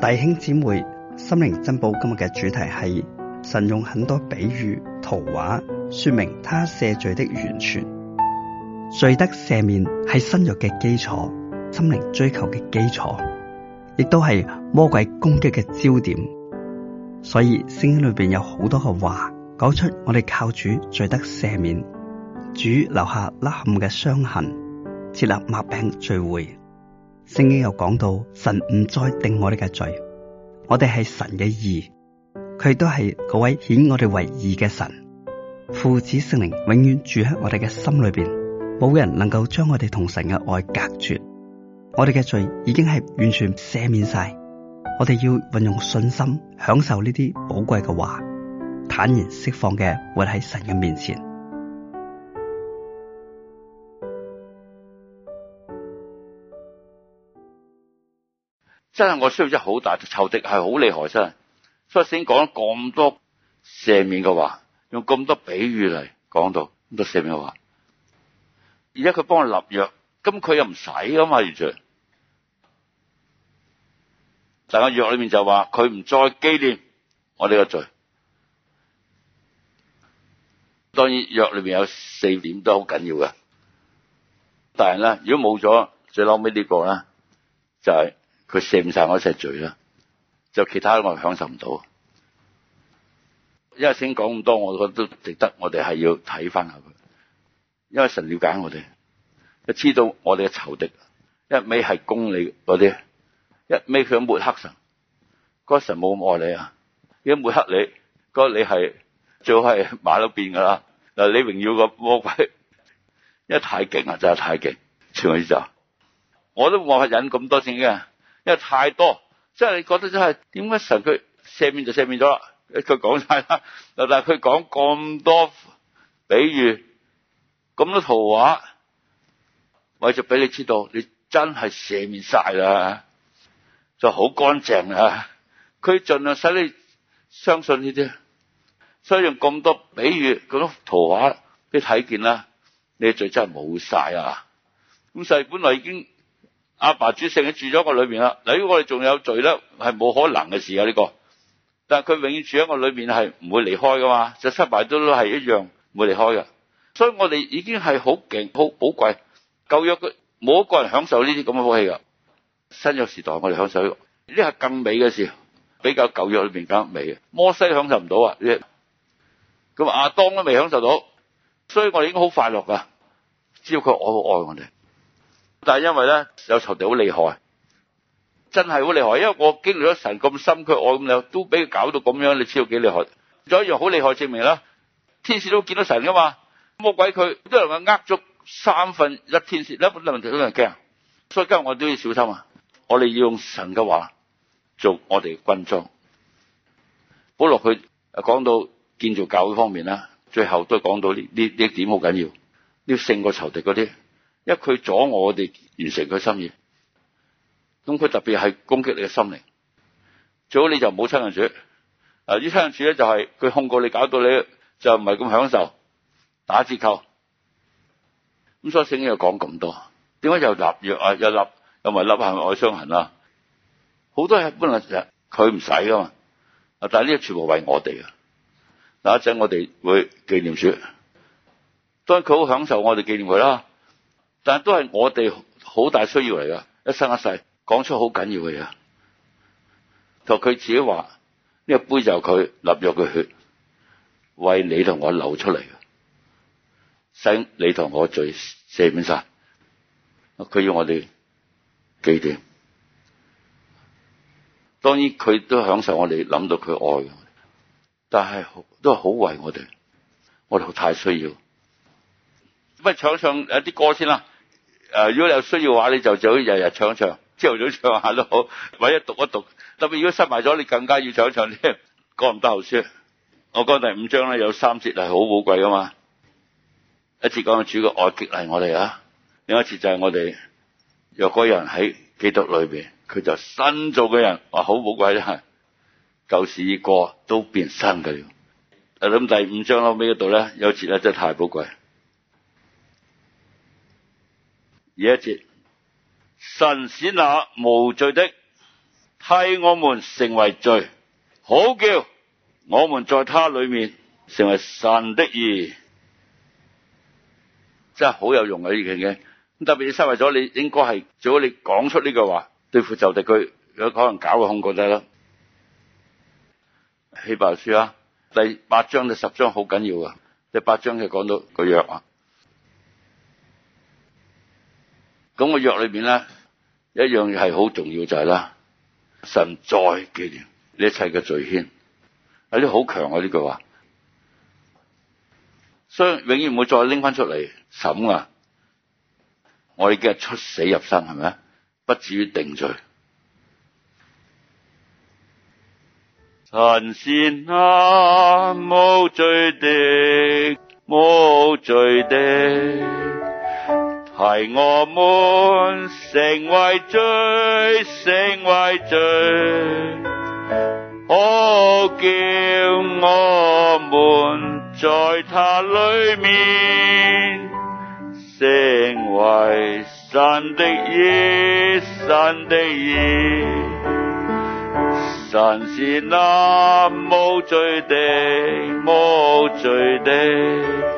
弟兄姊妹，心靈珍寶今日嘅主題係神用很多比喻、圖畫說明他赦罪的完全。罪得赦免係新約嘅基礎，心靈追求嘅基礎，亦都係魔鬼攻擊嘅焦點。所以聖經裏邊有好多嘅話，講出我哋靠主罪得赦免，主留下凹陷嘅傷痕，設立擘餅聚會。聖經又講到，神唔再定我哋嘅罪，我哋係神嘅義，佢都係嗰位顯我哋為義嘅神。父子聖靈永遠住喺我哋嘅心裏邊，冇人能夠將我哋同神嘅愛隔絕。我哋嘅罪已經係完全赦免晒，我哋要運用信心享受呢啲寶貴嘅話，坦然釋放嘅活喺神嘅面前。真係我需要一好大，仇敵係好厲害真係，所以先講咁多赦免嘅話，用咁多比喻嚟講到咁多赦免嘅話，而家佢幫我立約，咁佢又唔使噶嘛完全，但大家約裏面就話佢唔再紀念我哋個罪，當然約裏面有四點都好緊要嘅，但係咧如果冇咗最嬲尾呢個咧就係、是。佢射唔晒我隻嘴啦，就其他我享受唔到。因為先講咁多，我覺得都值得我哋係要睇翻下佢，因為神了解我哋，知道我哋嘅仇敵，一味係攻你嗰啲，一味佢抹黑神，嗰、那個、神冇咁愛你啊，一抹黑你，嗰、那個、你係最好係馬都變噶啦嗱，你榮耀個魔鬼，因為太勁啊，真係太勁，全部啲就，我都冇話忍咁多先。嘅。因為太多，即係你覺得真係點解神佢赦免就赦免咗啦？佢講晒啦，但係佢講咁多比喻、咁多圖畫，我就俾你知道，你真係赦免晒啦，就好乾淨啊！佢盡量使你相信呢啲，所以用咁多比喻、咁多圖畫俾你睇見啦，你啲罪真係冇晒啊！咁細本來已經。阿爸主、聖靈住咗我裏面啦，你如我哋仲有罪咧，係冇可能嘅事啊！呢個，但係佢永遠住喺我裏面係唔會離開噶嘛，就失敗都係一樣唔會離開噶。所以我哋已經係好勁、好寶貴，舊約冇一個人享受呢啲咁嘅福氣噶。新約時代我哋享受呢啲係更美嘅事，比較舊約裏邊更美。摩西享受唔到啊，咁阿當都未享受到，所以我哋已經好快樂噶，只要佢好愛我哋。但係因為咧，有仇敵好厲害，真係好厲害，因為我經歷咗神咁深佢愛，咁你都俾佢搞到咁樣，你知道幾厲害？仲有一樣好厲害證明啦，天使都見到神噶嘛，魔鬼佢都能夠呃咗三分一天使，一部分都令人驚，所以今日我都要小心啊！我哋要用神嘅話做我哋嘅軍裝。保羅佢講到建造教會方面啦，最後都講到呢呢呢點好緊要，要勝過仇敵嗰啲。因為佢阻我哋完成佢心意，咁佢特別係攻擊你嘅心靈，最好你就唔好親近主。啊，啲親近主咧就係佢控告你，搞到你就唔係咁享受打折扣。咁所以聖經又講咁多，點解又立約啊？又立又咪立係外傷痕啦？好多係本來就佢唔使噶嘛，啊！不不是不是他不用，但係呢啲全部為我哋嘅。嗱，一陣我哋會紀念主，當然佢好享受我哋紀念佢啦。但係都係我哋好大需要嚟噶，一生一世講出好緊要嘅嘢。就佢自己話呢一杯就佢立咗佢血，為你同我流出嚟，使你同我罪赦免晒。佢要我哋紀念，當然佢都享受我哋諗到佢愛我哋，但係都係好為我哋，我哋太需要。咁咪唱一唱一啲歌先啦。誒、呃，如果你有需要嘅話，你就早日日唱唱，朝頭早唱下都好。或者讀一讀，特別如果塞埋咗，你更加要唱唱啲歌唔得，後書我講第五章咧，有三節係好寶貴噶嘛。一次講主嘅愛激勵我哋啊；另一次就係我哋若果有人喺基督裏邊，佢就新造嘅人，話好寶貴啦。舊事過都變新嘅了。誒，咁第五章後尾嗰度咧，有節咧真係太寶貴。呢一節，神使那無罪的，替我們成為罪，好叫我們在他裡面成為神的義，真係好有用嘅呢件嘢。咁特別你失位咗，你應該係，如果你講出呢句話，對付就敵佢，有可能搞個控告得啦。希伯來書啊，第八章到十章好緊要啊。第八章就講到個約啊。咁個約裏邊咧，一樣嘢係好重要就係、是、啦，神再記念你一切嘅罪愆，有啲好強嘅呢句話，所以永遠唔會再拎翻出嚟審噶，我哋今日出死入生係咪啊？不至於定罪，神使那，無罪的，無罪的。係我們成為罪，成為罪，可叫我們在祂裏面成為神的義，神的義，神是那無罪的，無罪的。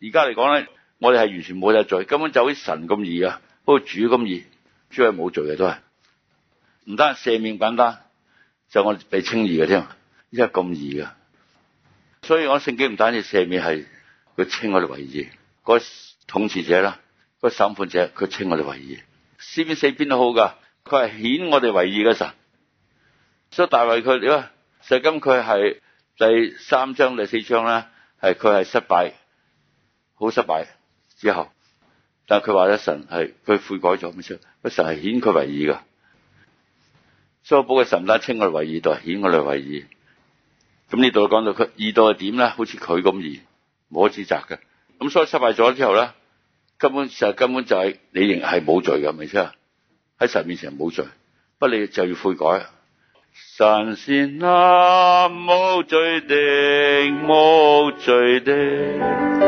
而家嚟講咧，我哋係完全冇得罪，根本就好似神咁易噶，好似主咁易，主位冇罪嘅主係冇罪嘅，都係唔單係赦免簡單，就我哋被稱義嘅添，因為咁易噶。所以我聖經唔單止赦免係佢稱我哋為義，嗰個統治者啦，嗰個審判者佢稱我哋為義。四邊四邊都好噶，佢係顯我哋為義嘅神。所以大衛佢點啊？細金佢係第三章第四章啦，係佢係失敗。好失敗之後，但係佢話一神係佢悔改咗，咪先？一神係顯佢為義噶，所以我保嘅神單稱我哋為義代顯我哋為義。咁呢度講到佢義到底點咧？好似佢咁義，冇可指責嘅。咁所以失敗咗之後咧，根本，就係，根本就係、是，你認係冇罪嘅，咪唔先啊？喺神面前冇罪，不你就要悔改。神使那無罪的，無罪的。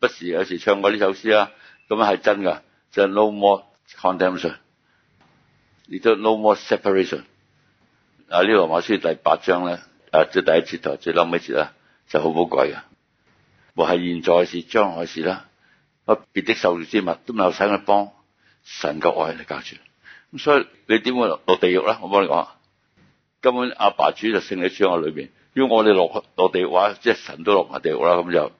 不時有時唱過呢首詩啦，咁啊係真㗎，就是、no more condemnation，亦都 no more separation。啊呢、這個、羅馬書第八章咧，啊最第一節頭最，最後尾節啊，就好寶貴嘅。冇係現在是將來的事啦，啊別的受造之物都冇使佢幫神的愛，神嘅愛嚟教住。咁所以你點會落地獄咧？我幫你講，根本阿爸主就勝喺書我裏邊。如果我哋落落地嘅話，即係神都落埋地獄啦，咁就～